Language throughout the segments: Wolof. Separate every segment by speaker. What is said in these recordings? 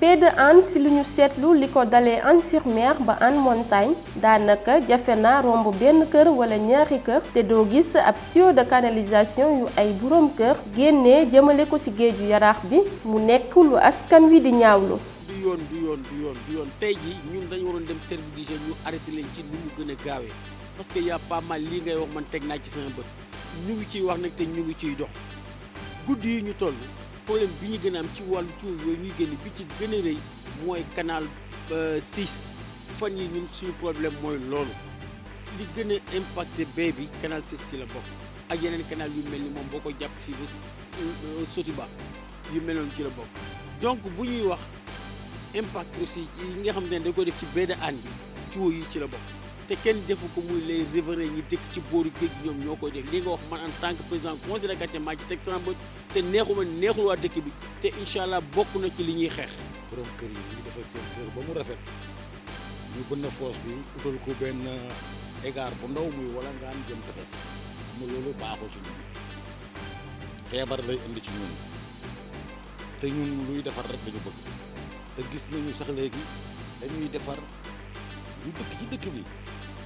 Speaker 1: baie de Hann si lu ñu seetlu li ko dalee hann sur ba Hann Montagne daanaka jafe na romb benn kër wala ñaari kër te doo gis ab tuyau de canalisation yu ay boroom kër génnee jëmale ko ci géeju yaraax bi mu nekk lu askan wi di ñaawlu.
Speaker 2: du yoon du yoon du yoon yoon tey jii ñun dañu waroon dem service d'hygiène ñu arrêté leen ci nu mu gën gaawee parce que y a pas mal lii ngay wax man teg naa ci sama bët ñu ngi ciy wax nag te ñu ngi ciy dox guddi yi ñu toll. problème bi ñu gën am ci wàllu tuyau yooyu ñuy génn bi ci gën a rëy mooy canal 6 euh, fan yi ñun suñu problème mooy loolu li gën a impacté bee bi canal 6 si la bokk ak yeneen canal yu mel ni moom boo ko jàpp fii ba euh, Sotiba yu mel noonu ci la bokk donc bu ñuy wax impact aussi yi nga xam ne dañ ko def ci baie de bi tuyau yi ci la bokk te kenn defu ko muy les riverains ñi dëkk ci booru géej ñoom ñoo koy def li nga wax man en tant que président conseil de quartier maa ci te neexuma neexul waa dëkk bi te incha allah bokk na ci li ñuy xeex. borom kër yi ñu defal seen kër ba mu rafet ñu bënn foos bi utal ko benn
Speaker 3: égar bu ndaw muy wala ngaan jëm tefes mu loolu baaxul ci ñun feebar lay indi ci ñun te ñun luy defar rek dañu bëgg te gis nañu sax léegi dañuy defar lu dëkk ci dëkk bi.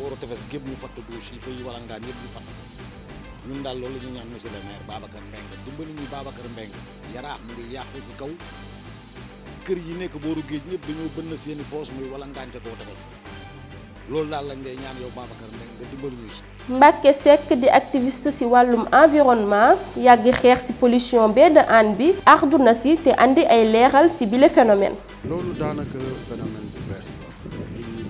Speaker 3: booru tefes gépp ñu fatt douche yi fay walangaan yëpp ñu fatt ñun daal loolu la ñu ñaan monsieur le maire Babacar Mbengue dimbali ñu Babacar Mbengue yaraax mu ngi yàqu ci kaw kër yi nekk booru géej yëpp dañoo bënn seeni foos muy walangaan ca kaw tefes loolu daal lañ ngay ñaan
Speaker 1: yow Babacar Mbengue nga dimbali ñu ci Mbacke Sek di activiste ci walum environnement yàgg xeex ci pollution bee de an bi ardu na ci te andi ay leral ci bile phénomène
Speaker 4: loolu daanaka phénomène bu bees la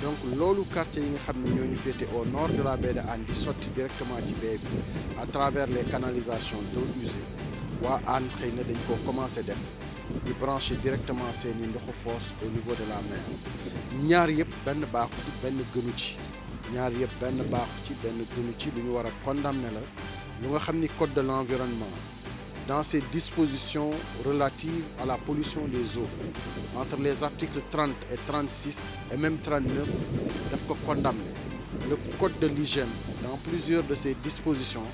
Speaker 4: donc l'olu quartier yi nga au nord de la baie de Andi directement ci à travers les canalisations d'eau usée Wa an commencé def branche directement lignes de force au niveau de la mer ñaar yépp ben baax ci Nous gënu ñaar ci la code de l'environnement dans ses dispositions relatives à la pollution des eaux entre les articles 30 et 36 et même 39 il faut condamné le code de l'hygiène dans plusieurs de ses dispositions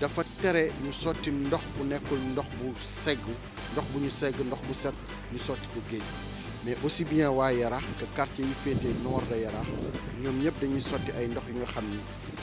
Speaker 4: dafa tere ñu sotti ndox bu nekkul ndox bu segg ndox bu ñu segg ndox bu set mais aussi bien à Yarax que quartier yi nord de Yara, ñoom ñëpp dañuy sorti ay ndox yi nga xamni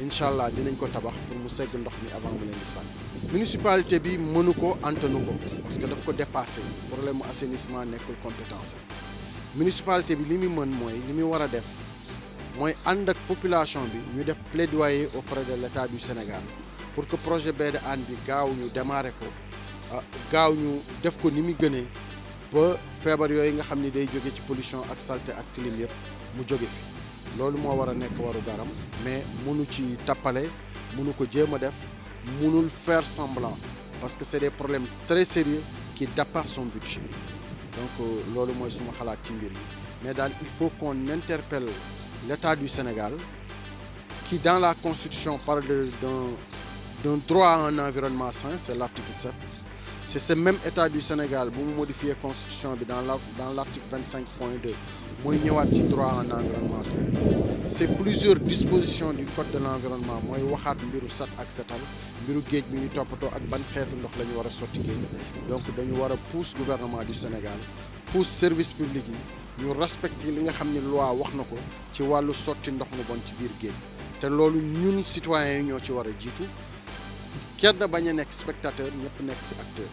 Speaker 4: Inshallah dinañ ko tabax pour mu ségg ndox mi avant mu len di sànni municipalité bi mënu ko ko parce que daf ko dépasser problème assainissement nekul compétence municipalité bi limi mën moy limi wara def moy ànd ak population bi ñu def plaidoyer auprès de l'État du Sénégal pour que projet baie de Hann bi gaaw ñu démarrer ko ah, gaaw ñu def ko ni mi gëné ba feebar yoy nga xamni day joggé ci pollution ak saleté ak tilim yépp mu joggé fi loolu moo war a nekk waru garam mais munu ci tappale munu ko jéem a def mënul faire semblant parce que c'est des problèmes très sérieux qui dépassent son budget donc euh, loolu mooy suma xalaat ci mbir yi mais il faut qu'on interpelle l'État du Sénégal qui dans la Constitution parle d'un d'un droit à un environnement sain c'est l'article 7 c'est ce même État du Sénégal qui modifier la constitution dans l'article 25.2, qui a deux droit en environnement Ces c'est plusieurs dispositions du code de l'environnement qui ont mbiru sat ak setal mbiru géej bi ñu Le ak ban xeetu ndox donc dañu war pousse gouvernement du Sénégal pousse service public yi respecter li nga xam loi wax na ko ci wàllu sotti ndox mu bon ci citoyens nous ñoo ci kenn bañ a nekk spectateur ñëpp nekk si acteur